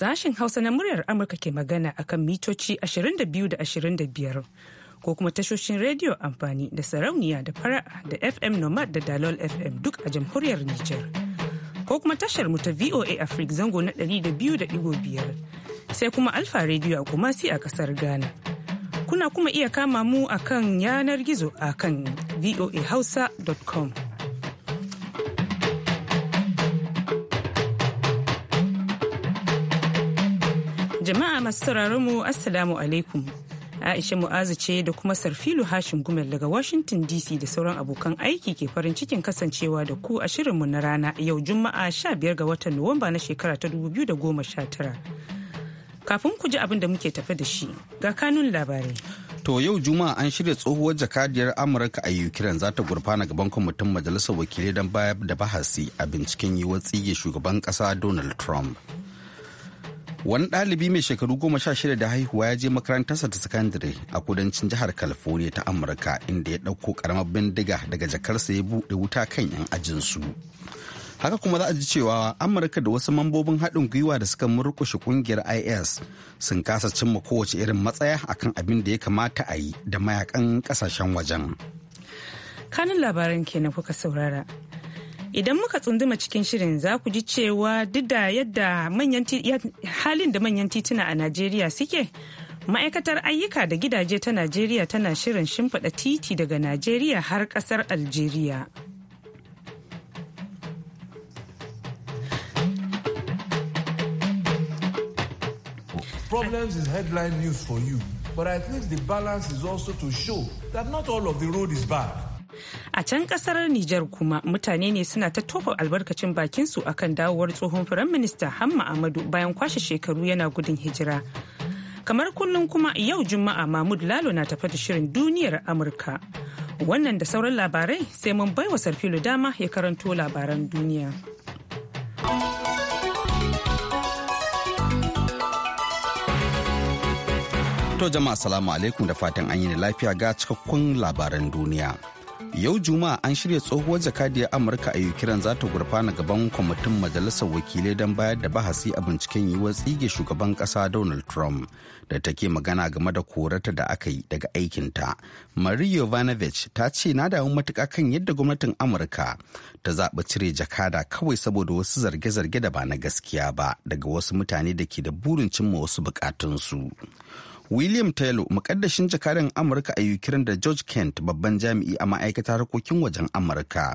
Sashen Hausa na muryar Amurka ke magana akan mitoci 22 da 25 ko kuma tashoshin rediyo amfani da sarauniya da fara'a da FM Nomad da Dalol FM duk a jamhuriyar Nijar. Ko kuma tashar mu ta VOA Africa zango na 200.5 sai kuma Alfa rediyo a Kumasi a kasar Ghana. Kuna kuma iya kama mu akan yanar gizo akan voahausa.com. Jama'a masu sauraron mu Assalamu alaikum. Aisha Mu'azu ce da kuma Sarfilu Hashim Gumel daga Washington DC da sauran abokan aiki ke farin cikin kasancewa da ku a shirinmu na rana yau Juma'a sha biyar ga watan Nuwamba na shekara ta dubu biyu da goma sha tara. Kafin ku ji abin da muke tafe da shi ga kanun labarai. To yau Juma'a an shirya tsohuwar jakadiyar Amurka a Ukraine za ta gurfana gaban kwamitin majalisar wakilai don bayar da bahasi a binciken yiwuwar tsige shugaban kasa Donald Trump. wani ɗalibi mai shekaru goma sha shida da haihuwa ya je makarantarsa ta sakandare a kudancin jihar california ta amurka inda ya ɗauko ƙaramar bindiga daga jakarsa ya buɗe wuta kan 'yan ajinsu haka kuma za a ji cewa amurka da wasu mambobin haɗin gwiwa da suka murkushe ƙungiyar is sun kasa cimma kowace irin matsaya akan abin da ya kamata a yi da mayakan ƙasashen wajen kanin labaran kenan kuka saurara Idan muka tsunduma cikin shirin za ku ji cewa duk da yadda halin da manyan tituna a Najeriya suke, ma'aikatar ayyuka da gidaje ta Najeriya tana shirin shimfiɗa titi daga Najeriya har ƙasar Algeria. Problems is headline news for you, but I think the balance is also to show that not all of the road is bad. A can kasar Nijar kuma mutane ne suna ta tofa albarkacin su akan dawowar tsohon minista Hamma Amadu bayan kwashe shekaru yana gudun hijira. Kamar kullum kuma yau Juma'a Mahmud Lalo na tafi da shirin duniyar Amurka. Wannan da sauran labarai sai mun baiwa Sarfilu dama ya karanto labaran duniya. To jama'a salamu alaikum da fatan an yi ni lafiya ga cikakkun labaran duniya. yau juma'a an shirya tsohuwar jakadiyar amurka a yukiran za ta gurfana gaban kwamitin majalisar wakilai don bayar da bahasi a binciken yiwuwar tsige shugaban kasa donald trump da take magana game da korata da aka yi daga aikinta marie yovanovich ta ce na damu matuka kan yadda gwamnatin amurka ta zaɓi cire jakada kawai saboda wasu zarge-zarge da ba na gaskiya ba daga wasu mutane da ke da burin cimma wasu bukatunsu william taylor mukaddashin jakadan amurka a ukraine da george kent babban jami'i a ma'aikatar harkokin wajen amurka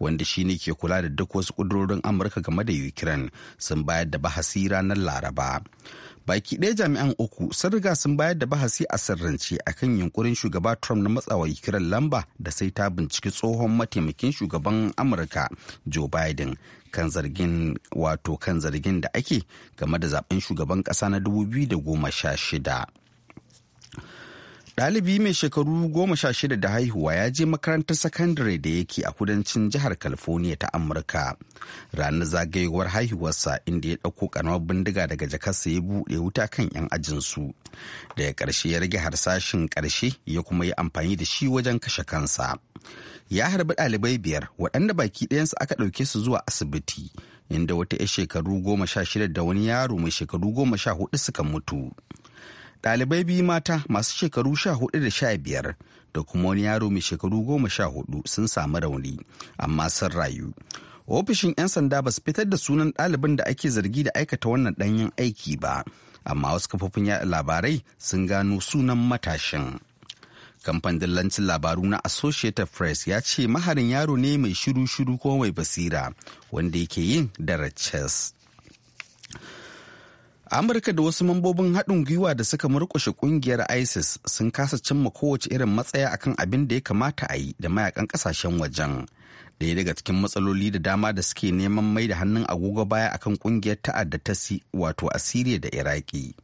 wanda shine ke kula da duk wasu ƙudurorin amurka game da ukraine sun bayar da bahasi ranar laraba baki ɗaya jami'an uku sun riga sun bayar da bahasi a sirrance kan yunkurin shugaba trump na matsawa kiran lamba da sai ta binciki tsohon mataimakin shugaban amurka joe biden kan zargin wato kan zargin da ake game da zaben shugaban ƙasa na 2016 Ɗalibi mai shekaru goma sha shida da haihuwa ya je makarantar sakandare da yake a kudancin jihar California ta Amurka. Ranar zagayowar haihuwarsa inda ya ɗauko ƙaramar bindiga daga jakarsa ya buɗe wuta kan 'yan ajinsu. Daga ƙarshe ya rage harsashin ƙarshe ya kuma yi amfani da shi wajen kashe kansa. Ya harbi ɗalibai biyar waɗanda baki ɗayansu aka ɗauke su zuwa asibiti. Inda wata 'yar shekaru goma sha shida da wani yaro mai shekaru goma sha hudu suka mutu. ɗalibai biyu mata masu shekaru sha hudu da sha biyar da kuma wani yaro mai shekaru goma sha hudu sun samu rauni amma sun rayu ofishin 'yan sanda ba su fitar da sunan ɗalibin da ake zargi da aikata wannan ɗanyen aiki ba amma wasu kafofin yaɗa labarai sun gano sunan matashin kamfanin dillancin labaru na associated press ya ce maharin yaro ne mai shiru-shiru ko mai basira wanda yake yin daraches Amurka da wasu mambobin haɗin gwiwa da suka murƙushe ƙungiyar ISIS sun kasa cimma kowace irin matsaya akan abin da ya kamata a yi da mayakan ƙasashen wajen ɗaya daga cikin matsaloli da dama da suke neman mai da hannun agogo baya akan kungiyar ta'adda ta si wato asiriya da iraki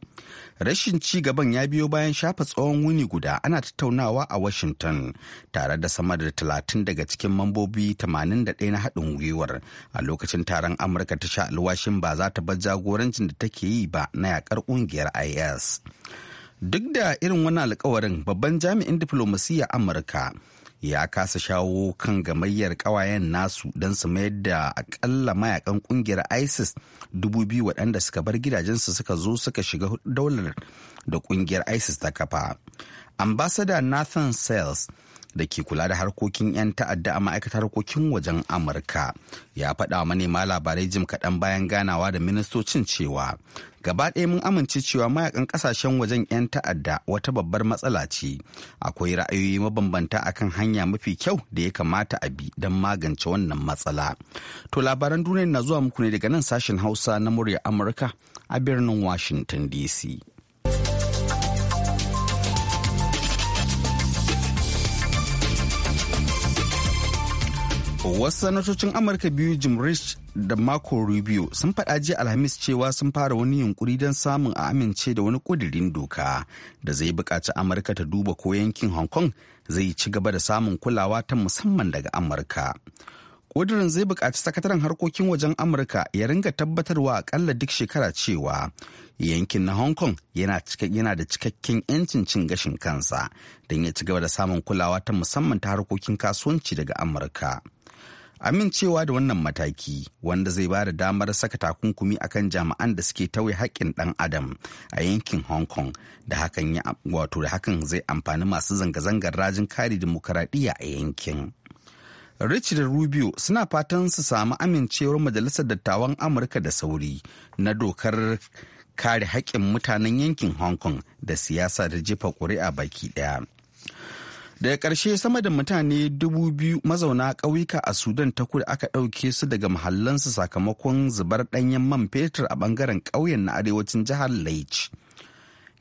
rashin ci gaban ya biyo bayan shafa tsawon wuni guda ana tattaunawa a washington tare da sama da talatin daga cikin mambobi 81 na haɗin gwiwar a lokacin taron amurka ta sha alwashin ba za ta bar jagorancin da take yi ba na yakar kungiyar is duk da irin wani alkawarin babban jami'in diflomasiyya amurka ya kasa shawo kan gamayyar kawayen nasu don su mayar da akalla mayakan ƙungiyar isis dubu biyu waɗanda suka bar gidajensu suka zo suka shiga daular da ƙungiyar isis ta kafa ambasada nathan sales da ke kula da harkokin 'yan ta'adda a ma'aikatar harkokin wajen amurka ya faɗa wa manema labarai jim kaɗan bayan ganawa da ministocin cewa gaba ɗaya mun amince cewa mayakan ƙasashen wajen 'yan ta'adda wata babbar matsala ce akwai ra'ayoyi mabambanta akan hanya mafi kyau da ya kamata a bi don magance wannan matsala to labaran duniya na zuwa muku ne daga nan sashen hausa na murya amurka a birnin washington dc Wasu sanatocin Amurka biyu Jim Rich da mako Rubio sun faɗa jiya Alhamis cewa sun fara wani yunkuri don samun a amince da wani ƙudirin doka da zai buƙaci Amurka ta duba ko yankin Hong Kong zai ci gaba da samun kulawa ta musamman daga Amurka. ƙudirin zai buƙaci sakataren harkokin wajen Amurka ya ringa tabbatarwa aƙalla duk shekara cewa yankin na Hong Kong yana da cikakken 'yancin cin gashin kansa don ya ci gaba da samun kulawa ta musamman ta harkokin kasuwanci daga Amurka. amincewa da wannan mataki wanda zai ba da damar saka takunkumi akan jami'an da suke tauye haƙƙin ɗan adam a yankin hong kong da hakan wato da hakan zai amfani masu zanga-zangar rajin kare dimokuraɗiyya a yankin richard Rubio suna fatan su samu amincewar Majalisar Dattawan Amurka da sauri na dokar kare haƙƙin mutanen yankin Hong Kong da siyasa da jefa ƙuri'a baki ɗaya. daga ƙarshe sama da mutane dubu biyu mazauna ƙauyuka a sudan ta kudu aka ɗauke su daga mahallansu sakamakon zubar ɗanyen man fetur a ɓangaren ƙauyen na arewacin jihar laich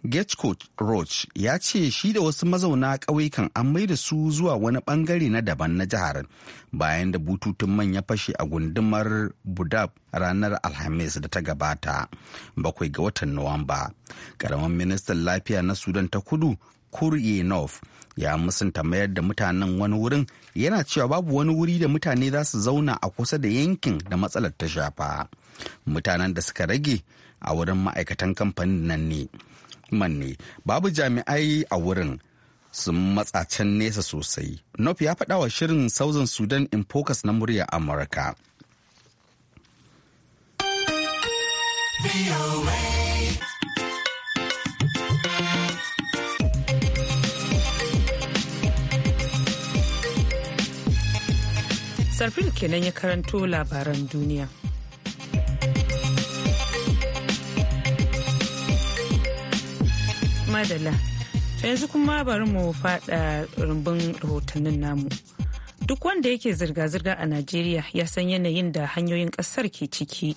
getco roach ya ce shi da wasu mazauna ƙauyukan an da su zuwa wani ɓangare na daban na jihar bayan da bututun man ya fashe a gundumar budab ranar alhamis da ta gabata bakwai ga watan nuwamba ƙaramin ministan lafiya na sudan ta kudu kuryenov ya musanta mayar da mutanen wani wurin yana cewa babu wani wuri da mutane za su zauna a kusa da yankin da matsalar ta shafa mutanen da suka rage a wurin ma'aikatan kamfanin nan ne manne babu jami'ai a wurin sun matsa can nesa sosai Nof ya faɗa wa shirin sauzin sudan in focus na muryar amurka sarfil kenan ya karanto labaran duniya madala yanzu kuma bari mu fada rumbun rahotannin namu duk wanda yake zirga-zirga a najeriya ya san yanayin da hanyoyin ƙasar ke ciki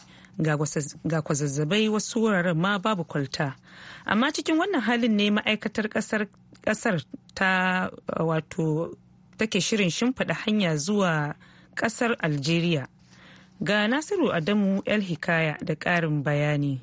ga kwazazzabai wasu wuraren ma babu kwalta amma cikin wannan halin ne ma'aikatar ƙasar ta wato take shirin shimfiɗa hanya zuwa kasar algeria ga nasiru adamu el hikaya da karin bayani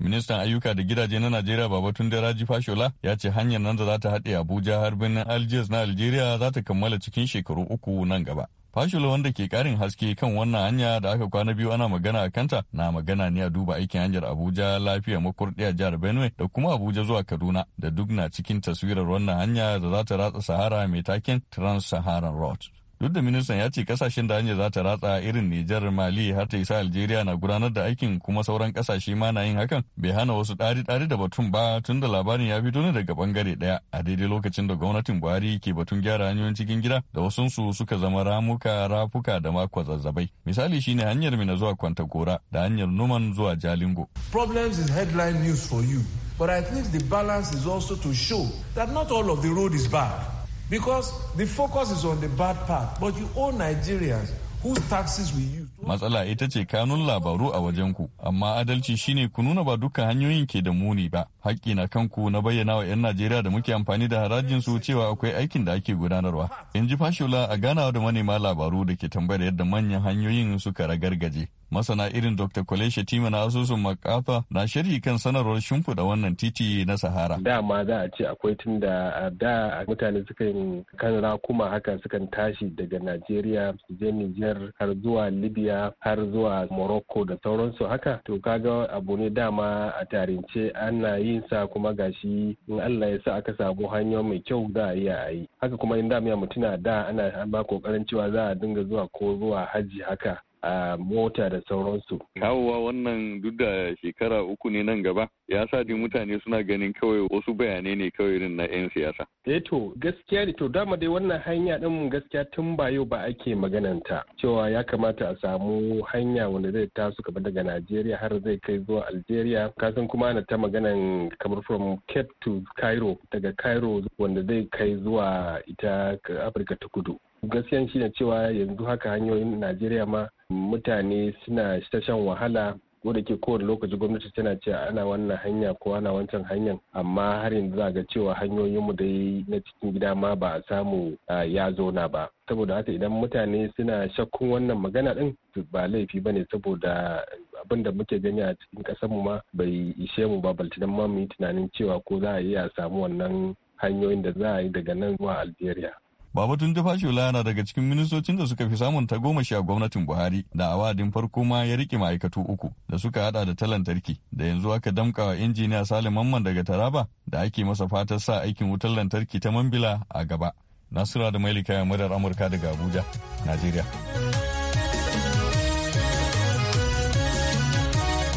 ministan ayyuka da gidaje na najeriya da raji fashola ya ce hanyar nan da za ta haɗe abuja har birnin algiers na algeria za ta kammala cikin shekaru uku nan gaba fashola wanda ke karin haske kan wannan hanya da aka kwana biyu ana magana a kanta na magana ne a duba aikin hanyar Abuja lafiya makurɗi a jihar Benue da kuma Abuja zuwa Kaduna da duk na cikin taswirar wannan hanya da za ta ratsa Sahara mai taken Trans-Saharan Road. duk da ministan ya ce kasashen da hanyar za ta ratsa irin nijar mali har ta isa algeria na gudanar da aikin kuma sauran kasashe ma na yin hakan bai hana wasu ɗari ɗari da batun ba tun da labarin ya fito ne daga bangare ɗaya a daidai lokacin da gwamnatin buhari ke batun gyara hanyoyin cikin gida da wasunsu suka zama ramuka rafuka da makwa zazzabai misali shine hanyar mina zuwa kwantagora da hanyar numan zuwa jalingo problems is headline news for you but i think the balance is also to show that not all of the road is bad because the focus is on the bad part but you owe Nigerians whose use. Matsala ita ce kanun labaru a wajen ku amma adalci shine ku nuna ba dukkan hanyoyin ke da muni ba. Haƙƙi na kanku na bayyana wa 'yan Najeriya da muke amfani da harajin su cewa akwai aikin da ake gudanarwa. In ji Fashola a ganawa da manema labaru da ke tambayar yadda manyan hanyoyin suka ragargaje. Masana irin Dr. Kwale Shatima na asusun makafa na sharhi kan sanarwar shimfiɗa wannan titi na Sahara. Dama za a ce akwai tun da da mutane sukan kan rakuma haka sukan tashi daga Najeriya je Nijar har zuwa Libya har zuwa Morocco da sauransu haka. To kaga abu ne dama a tarince ana yin sa kuma gashi in Allah ya sa aka samu hanya mai kyau za a iya a yi. Haka kuma in damiya mutuna da ana ba kokarin cewa za a dinga zuwa ko zuwa hajji haka a mota da sauransu. Kawowa wannan duk da shekara uku ne nan gaba ya sa dai mutane suna ganin kawai wasu bayanai ne kawai irin na 'yan siyasa. Eh to gaskiya ne to dama dai wannan hanya din gaskiya tun ba yau ba ake magananta cewa ya kamata a samu hanya wanda zai taso kamar daga Najeriya har zai kai zuwa Algeria kasan kuma ana ta maganan kamar from Cape to Cairo daga Cairo wanda zai kai zuwa ita Afirka ta Kudu. gaskiyan shi ne cewa yanzu haka hanyoyin najeriya ma mutane suna ta shan wahala ko da ke kowane lokaci gwamnati tana cewa ana wannan hanya ko ana wancan hanyar amma har yanzu za ga cewa hanyoyinmu dai na cikin gida ma ba a samu ya zauna ba saboda haka idan mutane suna shakkun wannan magana din ba laifi ba ne saboda abin da muke gani a cikin ƙasarmu ma bai ishe mu ba baltinan ma mu yi tunanin cewa ko za a iya samu wannan hanyoyin da za a yi daga nan zuwa algeria Babatun Jafashola yana daga cikin ministocin da suka fi samun ta goma a gwamnatin Buhari da awadin farko ma ya rike ma'aikatu uku da suka hada da talantarki da yanzu aka damka wa injiniya Salim Mamman daga Taraba da ake masa fatar sa aikin wutar lantarki ta Mambila a gaba. Nasura da Mailika ya murar Amurka daga Abuja, Najeriya.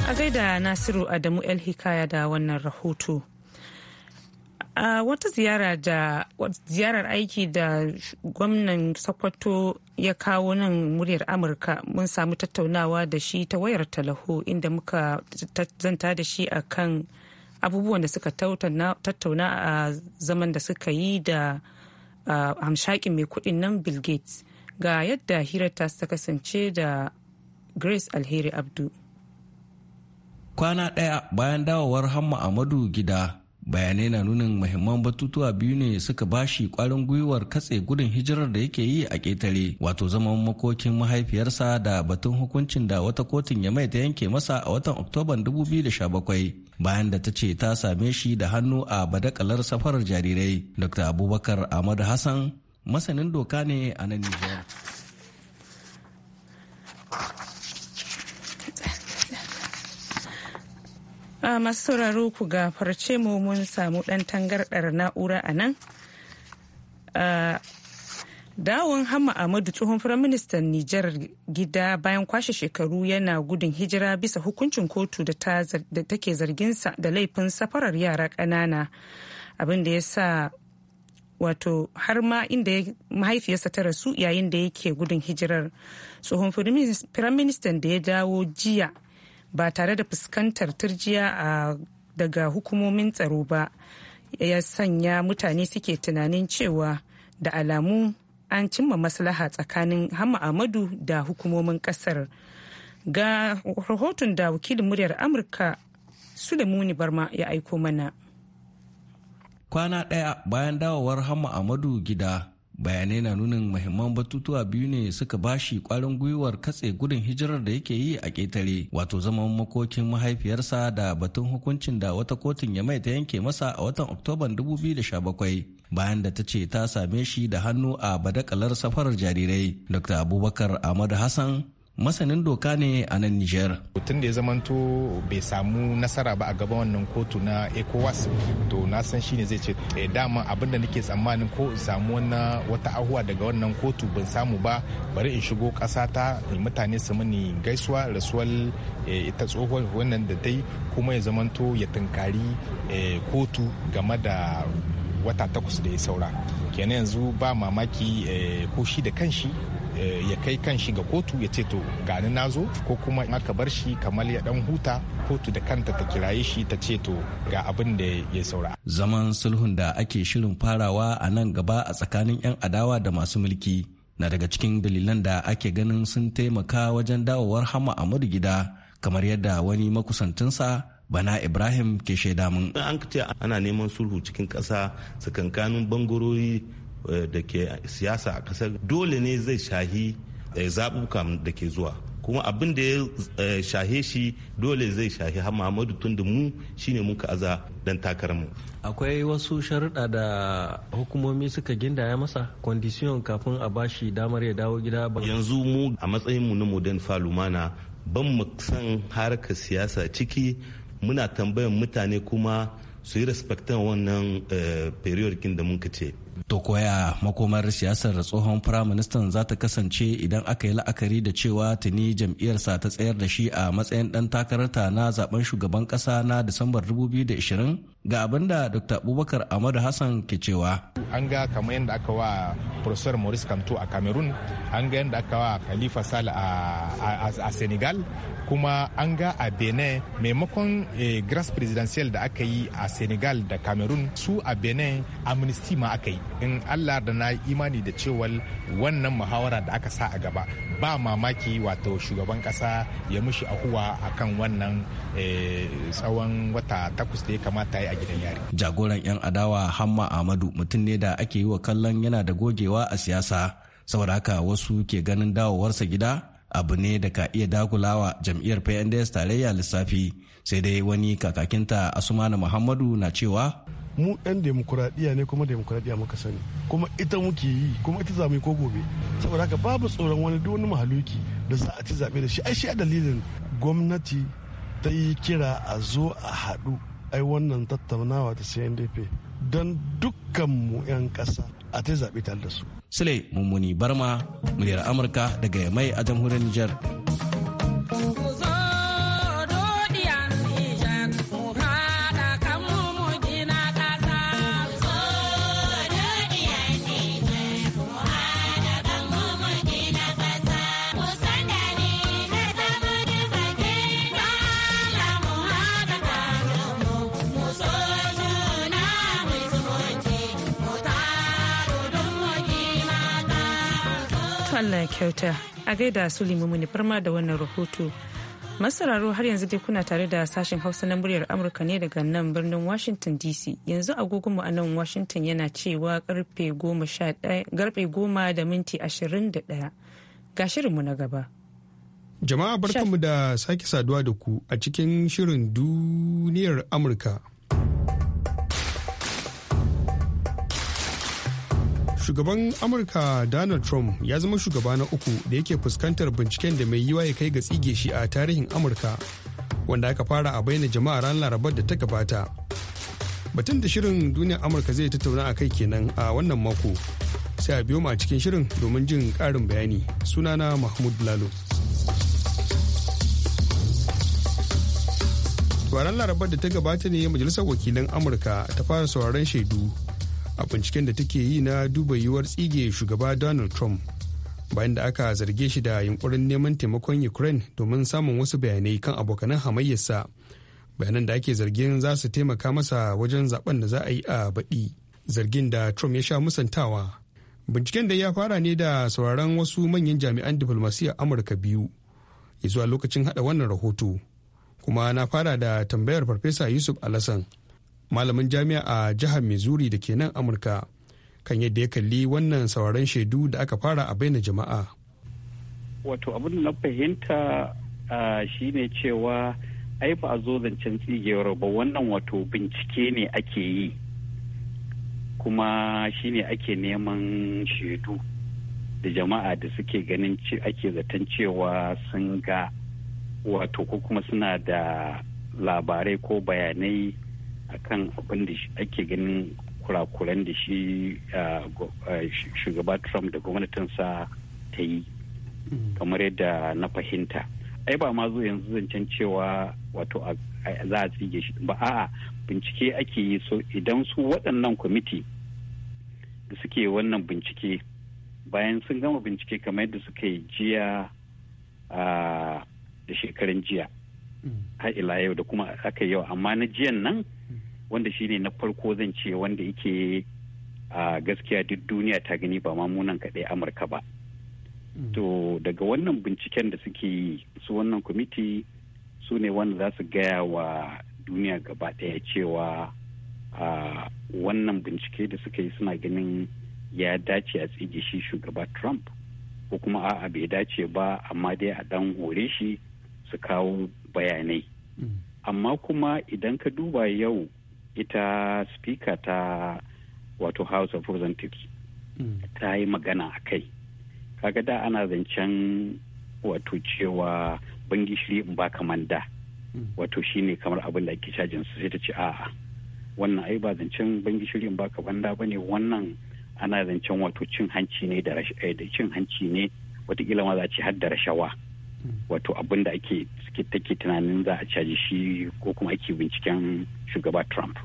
A gaida Nasiru Adamu El Hikaya da wannan rahoto. a wata ziyara da ziyarar aiki da gwamnan sokoto ya kawo nan muryar amurka mun samu tattaunawa da shi ta wayar talaho inda muka zanta da shi a kan abubuwan da suka tattauna a zaman da suka yi da hamshakin mai kudin nan bill gates ga yadda hirarta ta kasance da grace alheri abdu kwana ɗaya bayan dawowar hamma amadu gida bayanai na nunin muhimman batutuwa biyu ne suka bashi kwarin gwiwar katse gudun hijirar da yake yi a ƙetare wato zaman makokin mahaifiyarsa da batun hukuncin da wata kotun ya mai ta yanke masa a watan oktoban 2017 bayan da ta ce ta same shi da hannu a badakalar safarar jarirai dr abubakar ahmad hassan masanin doka ne a nan nijar a masu sauraro ku ga farce mu mun samu dan tangardar na'ura a nan dawon hamma amadu tsohon firaministan nijar gida bayan kwashe shekaru yana gudun hijira bisa hukuncin kotu da take zarginsa da laifin safarar yara ƙanana abin da ya sa wato har ma inda mahaifiyarsa ta rasu yayin da yake gudun hijirar tsohon firaministan da ya dawo jiya ba tare da fuskantar turjiya a daga hukumomin tsaro ba ya sanya mutane suke tunanin cewa da alamu an cimma maslaha tsakanin hama amadu da hukumomin kasar ga rahoton da wakilin muryar amurka sulemuni barma ya aiko mana kwana daya bayan dawowar hama amadu gida bayanai na nunin mahimman batutuwa biyu ne suka bashi kwarin gwiwar katse gudun hijirar da yake yi a ƙetare wato zaman makokin mahaifiyarsa da batun hukuncin da wata kotun ya mai ta yanke masa a watan oktoban 2017 bayan da ta ce ta same shi da hannu a badakalar safarar jarirai dr abubakar ahmad hassan masanin doka ne a nan Nijar. Tun da ya zamanto bai samu nasara ba a gaban wannan kotu na ECOWAS to na san shi ne zai ce eh, dama abin da nake tsammanin ko in samu wannan wata ahuwa daga wannan kotu ban samu ba bari in shigo ƙasa ta mutane su mini gaisuwa rasuwar eh, ita tsohon wannan da dai kuma ya zamanto ya tunkari eh, kotu game da wata takwas da ya saura kenan yanzu ba mamaki ko shi da kanshi Eh, ya kai kan shi ga kotu ya ce to gani na zo ko kuma in aka bar shi kamar ya dan huta kotu da kanta ta kiraye shi ta ce to ga abin da ya saura. Zaman sulhun da ake shirin farawa a nan gaba a tsakanin 'yan adawa da masu mulki na daga cikin dalilan da ake ganin sun taimaka wajen dawowar hama Amadu gida kamar yadda wani makusantinsa bana ibrahim ke shaida mun an ana neman sulhu cikin ƙasa tsakankanin bangarori Eh, da ke siyasa a kasar. dole ne zai shahi eh, zaɓuɓɓuka da ke zuwa kuma abin da ya eh, shahe shi dole zai shahi har Muhammadu tun mu shine muka aza dan takararmu. Akwai wasu sharuɗa da hukumomi suka gindaya masa kwandisiyon kafin a bashi damar ya dawo gida ba. Yanzu mu a matsayin mu na modern falumana ban mu san harkar siyasa ciki muna tambayan mutane kuma su yi respectan wannan period da muka ce. To koya makomar siyasar tsohon firaministan za ta kasance idan aka yi la'akari da cewa tuni sa ta tsayar da shi a matsayin ɗan takararta na zaben shugaban ƙasa na Disambar 2020 ga abin da Dr. Abubakar Amadu Hassan ke cewa. An ga kamar yadda aka wa Professor Maurice Kamto a Cameroon, an ga yadda aka wa Khalifa Sal a Senegal, kuma an ga a Benin maimakon eh, grass presidential da aka yi a Senegal da Cameroon su a Benin amnesty ma aka yi. in allah da na imani da cewa wannan muhawara da aka sa a gaba ba mamaki wato shugaban kasa ya mushi a kan wannan eh, tsawon wata takwas da ya kamata ya a gidan yari jagoran yan adawa hamma amadu mutum ne da ake yi wa kallon yana da gogewa a siyasa saboda haka wasu ke ganin dawowarsa gida abu ne da ka iya dagulawa jam'iyyar pnds tarayya lissafi sai dai wani kakakinta asumana muhammadu na cewa mu yan demokuraɗiyya ne kuma demokuraɗiyya muka sani kuma ita muke yi kuma ita zamu yi ko gobe saboda haka babu tsoron wani duk wani mahaluki da za a ci zaɓe da shi ai shi a dalilin gwamnati ta yi kira a zo a haɗu ai wannan tattaunawa ta CNDP don mu 'yan ƙasa a ta zaɓe tare da su. Sule Mummuni Barma, muryar Amurka daga Yamai a jamhuriyar Nijar. kyauta a gaida su ne farma da wannan rahoto masararo har yanzu dai kuna tare da sashen hausa na muryar amurka ne daga nan birnin washington dc yanzu agogonmu a nan washington yana cewa karfe goma da minti ashirin da daya ga shirinmu na gaba jama'a barkanmu da sake saduwa da ku a cikin shirin duniyar amurka shugaban amurka donald trump ya zama shugaba na uku da yake fuskantar binciken da mai yiwa ya kai ga tsige shi a tarihin amurka wanda aka fara a bayyana jama'a ran larabar da ta gabata batun da shirin duniyar amurka zai tattauna a kai kenan a wannan mako sai a biyo mu a cikin shirin domin jin karin bayani sunana mahmud lalo ran larabar da ta gabata ne majalisar wakilan amurka ta fara sauraron shaidu a binciken da take yi na duba yiwuwar tsige shugaba donald trump bayan da aka zarge shi da yunkurin neman taimakon ukraine domin samun wasu bayanai kan abokanan hamayyarsa bayanan da ake zargin za su taimaka masa wajen zaben da za a yi a baɗi zargin da trump ya sha musantawa binciken da ya fara ne da sauraron wasu manyan jami'an a amurka biyu zuwa lokacin hada wannan rahoto kuma na fara da tambayar farfesa yusuf alasan malamin jami'a a jihar missouri da ke nan amurka kan yadda ya kalli wannan sauraron shaidu da aka fara a baina jama'a wato abin na fahimta shine cewa ai ba a zo zancen tsigewar ba wannan wato bincike ne ake yi kuma shine ake neman shaidu da jama'a da suke ganin ake zaton cewa sun ga wato ko kuma suna da labarai ko bayanai akan abin da ake ganin kurakuran da shi shugaba trump da gwamnatinsa ta yi mm. kamar yadda na fahimta ai ba ma zo yanzu zancen cewa wato za a tsige shi ba a'a bincike ake yi so idan su waɗannan kwamiti da suke wannan bincike bayan sun gama bincike kamar yadda suka yi jiya da shekarun jiya mm. har ila yau da kuma aka yau amma na jiyan nan wanda shi ne na farko zan ce wanda yake a gaskiya duk duniya ta gani ba ma munan kaɗai amurka ba mm. to daga wannan binciken da suke yi su wannan kwamiti su ne wanda za su gaya wa duniya gaba ɗaya cewa a wannan bincike da suka yi suna ganin ya dace a tsige shi shugaba trump ko kuma a'a bai dace ba amma dai a dan hore shi su kawo bayanai mm. amma kuma idan ka duba yau ita speaker ta wato house of representatives mm. ta yi magana a kai kaga da ana zancen wato cewa ban shiri in ba manda mm. wato shine kamar abin da ake cajin su sai ta ce a'a wannan ai ba zancen ban shiri in ba manda ba ne wannan ana zancen wato cin hanci ne da eh, cin hanci ne watakila ma ce har da rashawa wato abin da ake take tunanin za a caji shi ko kuma ake binciken shugaba trump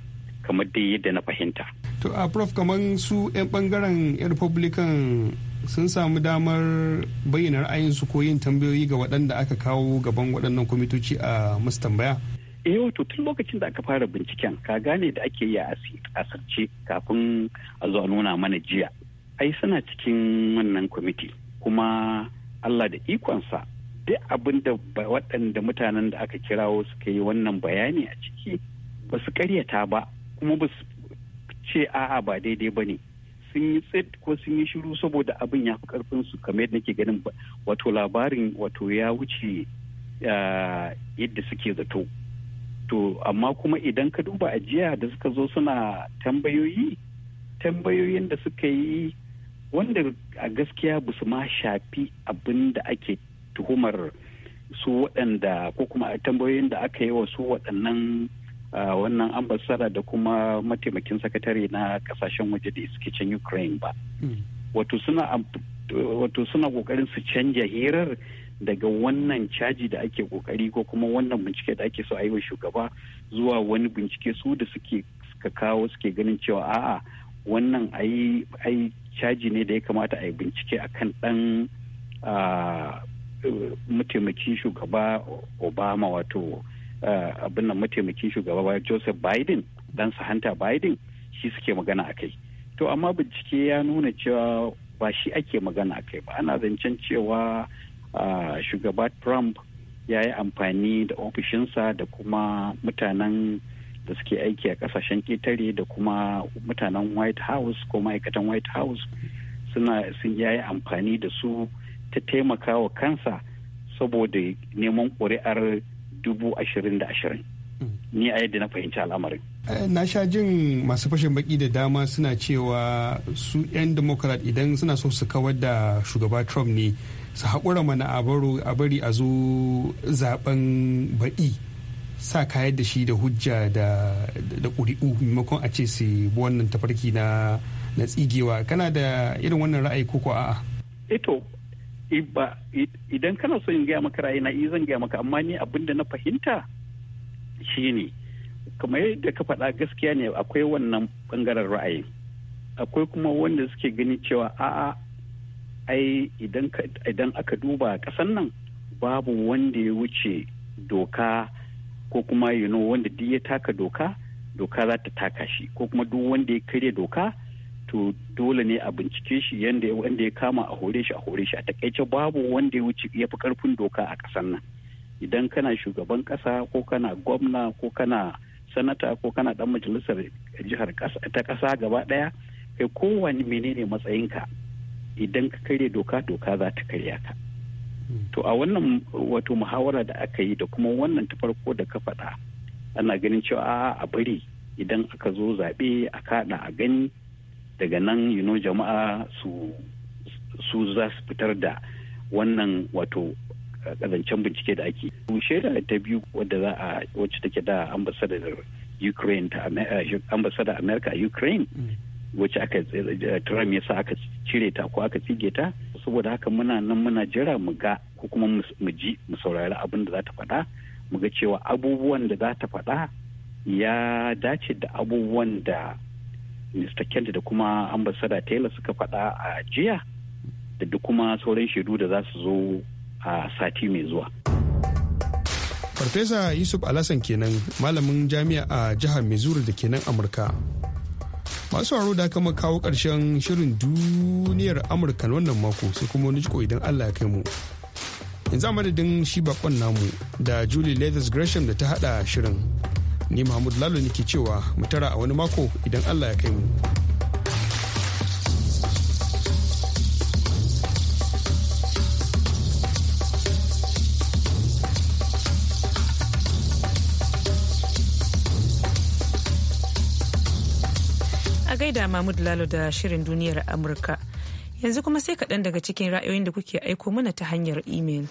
kamar dai yadda na fahimta to a prof kamar su 'yan bangaren 'yan republican sun samu damar bayyana ra'ayin su ko yin tambayoyi ga waɗanda aka kawo gaban waɗannan kwamitoci a masu tambaya eh wato tun lokacin da aka fara binciken ka gane da ake yi a asirce kafin a zo a nuna mana jiya ai suna cikin wannan kwamiti kuma allah da ikonsa duk abin da waɗanda mutanen da aka kirawo suka yi wannan bayani a ciki ba su karyata ba kuma ba su ce a'a ba daidai ba ne sun yi tsit ko sun yi shiru saboda abin ya fi karfin su kamar yadda nake ganin wato labarin wato ya wuce yadda suke zato to amma kuma idan ka duba ajiya da suka zo suna tambayoyi tambayoyin da suka yi wanda a gaskiya ba su ma shafi abin da ake tuhumar su waɗanda ko kuma tambayoyin da aka yi wa su waɗannan wannan ambasada da kuma mataimakin sakatare na kasashen waje da suke can ukraine ba hmm. wato suna wato kokarin su canja hirar daga wannan caji da ake kokari ko kuma wannan bincike da ake so a yi wa shugaba zuwa wani bincike su da suke suka kawo suke ganin cewa a'a wannan ai caji ne da ya kamata a yi bincike akan dan mataimakin shugaba obama wato eh, abin nan mataimakin shugaba joseph biden ɗansa hanta biden shi suke magana a kai to amma bincike ya nuna cewa ba shi ake magana a kai ba ana zancen cewa ah, shugaba trump ya yi amfani da ofishinsa da kuma mutanen da suke aiki a kasashen ƙetare da kuma mutanen white house ko ma'aikatan white house suna sun yayi amfani da su ta taimaka wa kansa saboda neman ƙuri'ar dubu ashirin da ashirin ni a yadda na fahimci al'amarin eh, na sha jin masu fashin baki da dama suna cewa su 'yan democrat idan suna so su kawar da shugaba trump ne su haƙura mana a bari a zo zaben baɗi sa kayar da shi da hujja da ƙuri'u maimakon a ce su bi wannan tafarki na tsigewa kana da irin wannan ra'ayi ko ko a'a? ito eh Eh, idan kana so in gaya maka ra'ayi na eh, zan gaya maka amma ni abin da na fahimta shine kamar yadda ka faɗa gaskiya ne akwai wannan ɓangaren ra'ayi akwai kuma wanda suke gani cewa a'a ai idan aka duba ƙasan nan babu wanda ya wuce doka ko kuma you wanda duk ya taka doka doka za ta taka shi ko kuma duk wanda ya karya doka to dole ne a bincike shi yadda wanda ya kama a hore shi a hore shi a takaice babu wanda ya wuce ya fi karfin doka a ƙasar nan idan kana shugaban kasa ko kana gwamna ko kana sanata ko kana dan majalisar jihar ta kasa gaba ɗaya kai kowane menene matsayinka idan ka karya doka doka za ta karya ka to a wannan wato muhawara da aka yi da kuma wannan ta farko da ka faɗa ana ganin cewa a bari idan aka zo zaɓe a kaɗa a gani daga nan you know, jama'a su su za su fitar da wannan wato kazancen uh, bincike da ake shaida ta biyu wadda za a wacce take da ambasadar ukraine ta uh, ambasadar america ukraine mm. wacce aka uh, trump ya sa aka cire ta ko aka tsige ta saboda haka muna nan muna jira mu ga ko kuma mu ji mu saurari abin da za ta faɗa mu ga cewa abubuwan da za ta faɗa ya dace da abubuwan da mr kelly da kuma ambassador taylor suka faɗa a jiya da duk kuma sauran shaidu da za su zo a sati mai zuwa farfesa yusuf alasan kenan malamin jami'a a jihar missouri da kenan amurka masu haro da kama kawo ƙarshen shirin duniyar amurka wannan mako sai kuma wani jiko idan allah ya kai mu yanzu a madadin shi bakon namu da julie leathers gresham da ta hada shirin ni mahmud lalo ne ke cewa mu tara a wani mako idan allah ya kai mu a gaida mahmud lalo da shirin duniyar amurka yanzu kuma sai kaɗan daga cikin ra'ayoyin da kuke aiko mana ta hanyar imel.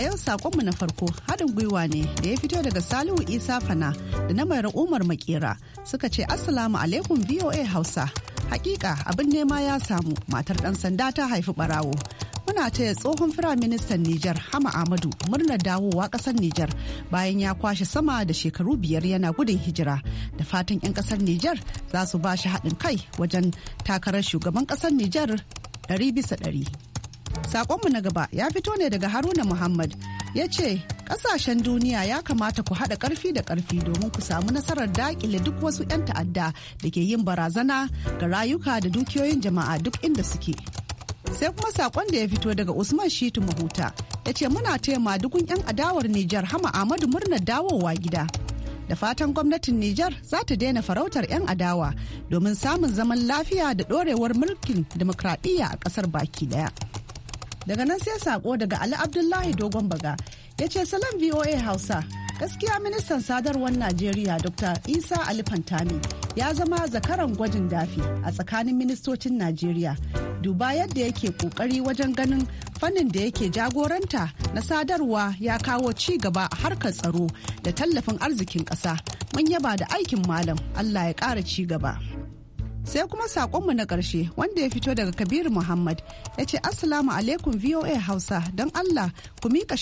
A yau sakonmu na farko haɗin gwiwa ne da ya fito daga Salihu Isa Fana da na mai Umar Makera suka ce Assalamu alaikum VOA Hausa. Hakika abin nema ya samu matar ɗan sanda ta haifi ɓarawo. Muna taya tsohon firaministan Nijar Hama Ahmadu murnar dawowa ƙasar Nijar bayan ya kwashe sama da shekaru biyar yana gudun hijira da fatan 'yan ƙasar Nijar za su ba shi haɗin kai wajen takarar shugaban ƙasar Nijar ɗari bisa ɗari. Sakonmu na gaba ya fito ne daga Haruna Muhammad ya ce, Ƙasashen duniya ya kamata ku haɗa ƙarfi da ƙarfi domin ku samu nasarar daƙile duk wasu 'yan ta'adda da ke yin barazana ga rayuka da dukiyoyin jama'a duk inda suke. Sai kuma sakon da ya fito daga Usman Shitu Mahuta ya ce muna taima dukun 'yan adawar Nijar Hama Ahmadu murnar dawowa gida. da fatan gwamnatin Nijar za ta daina farautar 'yan adawa domin samun zaman lafiya da ɗorewar mulkin demokradiyya a ƙasar baki daya. daga nan sai sako daga ali abdullahi dogon baga ya ce salam voa hausa gaskiya ministan sadarwar najeriya dr isa ali fantami ya zama zakaran gwajin dafi a tsakanin ministocin najeriya duba yadda yake kokari wajen ganin fannin da yake jagoranta na sadarwa ya kawo ci gaba a harkar tsaro da tallafin arzikin ƙasa mun yaba da aikin malam allah ya ƙara ci gaba sai kuma saƙonmu na ƙarshe wanda ya fito daga kabir muhammad ya ce assalamu alaikum voa hausa don allah ku miƙa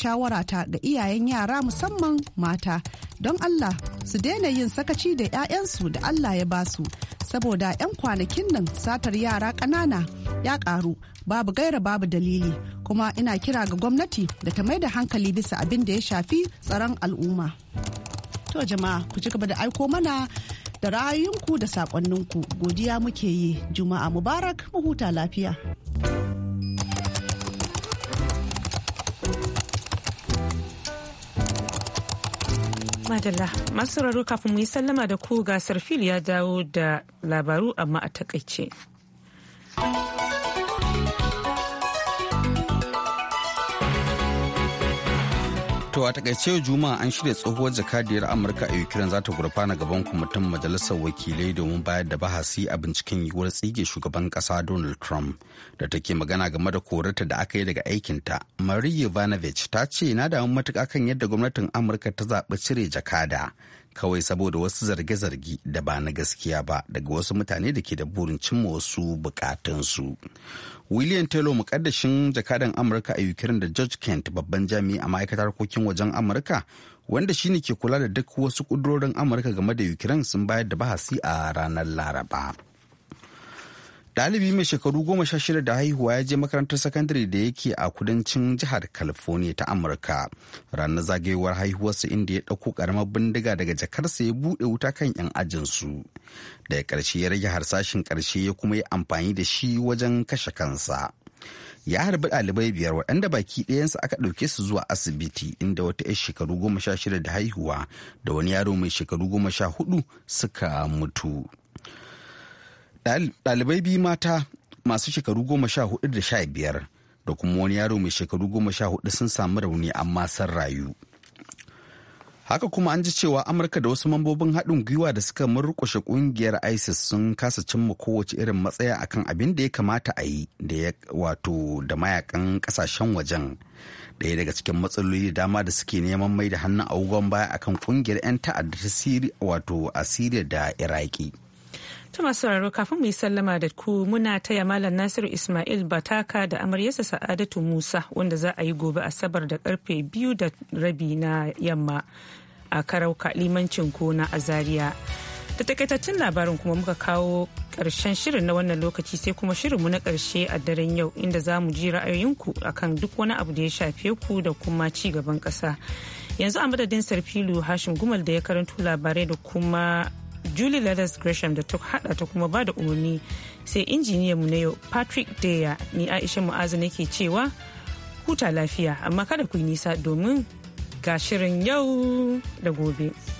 ta ga iyayen yara musamman mata don allah su daina yin sakaci da 'ya'yansu da allah ya ba su saboda 'yan kwanakin nan satar yara ƙanana ya ƙaru babu gaira babu dalili kuma ina kira ga gwamnati da ta mai da hankali bisa abin da ya shafi tsaron al'umma to jama'a ku ci gaba da aiko mana da ra'ayinku da sakonninku godiya muke yi juma'a mubarak mu huta lafiya madalla masu sauraro kafin mu yi sallama da ku gasar fil ya dawo da labaru amma a takaice. To a takaice Juma'a an shirya tsohuwar jakadiyar Amurka a Ukraine za ta gurfana gaban kwamitin majalisar wakilai domin bayar da bahasi a binciken yiwuwar tsige shugaban kasa Donald Trump da take magana game da korarta da aka yi daga aikinta. Marie Ivanovich ta ce na damu matuka kan yadda gwamnatin Amurka ta zaɓi cire jakada kawai saboda wasu zarge-zarge da ba na gaskiya ba daga wasu mutane da ke da burin cimma wasu bukatunsu. William Taylor mukaddashin jakadan Amurka a Ukraine da George Kent babban jami'i a ma'aikatar harkokin wajen Amurka wanda shine ke kula da duk wasu kudurorin Amurka game da Ukraine sun bayar da bahasi a ranar Laraba. Ɗalibi mai shekaru goma sha shida da haihuwa ya je makarantar sakandare da yake a kudancin jihar California ta Amurka. Ranar zagayowar haihuwarsa inda ya ɗauko ƙaramar bindiga daga jakarsa ya buɗe wuta kan 'yan ajinsu. Daga ƙarshe ya rage harsashin ƙarshe ya kuma yi amfani da shi wajen kashe kansa. Ya harbi ɗalibai biyar waɗanda baki ɗayansa aka ɗauke su zuwa asibiti inda wata 'yar shekaru goma sha shida da haihuwa da wani yaro mai shekaru goma sha hudu suka mutu. ɗalibai biyu mata masu shekaru goma sha hudu da sha biyar da kuma wani yaro mai shekaru goma sha hudu sun samu rauni amma sun rayu haka kuma an ji cewa amurka da wasu mambobin haɗin gwiwa da suka murƙushe ƙungiyar isis sun kasa cimma kowace irin matsaya akan abin da ya kamata a yi da ya wato da mayakan ƙasashen wajen ɗaya daga cikin matsaloli da dama da suke neman mai da hannun agogon baya akan ƙungiyar 'yan ta'adda ta wato asiriya da iraki ta masu sauraro kafin mu yi sallama da ku muna taya malam nasiru ismail bataka da amaryarsa sa'adatu musa wanda za a yi gobe asabar da karfe biyu da rabi na yamma a karauka limancin kona a zaria da takaitaccen labarin kuma muka kawo ƙarshen shirin na wannan lokaci sai kuma shirin mu na karshe a daren yau inda za mu ji ra'ayoyinku akan duk wani abu da ya shafe ku da kuma ci gaban ƙasa yanzu a madadin sarfilu hashim gumal da ya karanto labarai da kuma Julie Leathers Gresham da ta hada ta kuma ba da umarni sai mu na yau Patrick Deya ni Aisha Mu'azu nake cewa huta lafiya amma kada ku yi nisa domin ga shirin yau da gobe.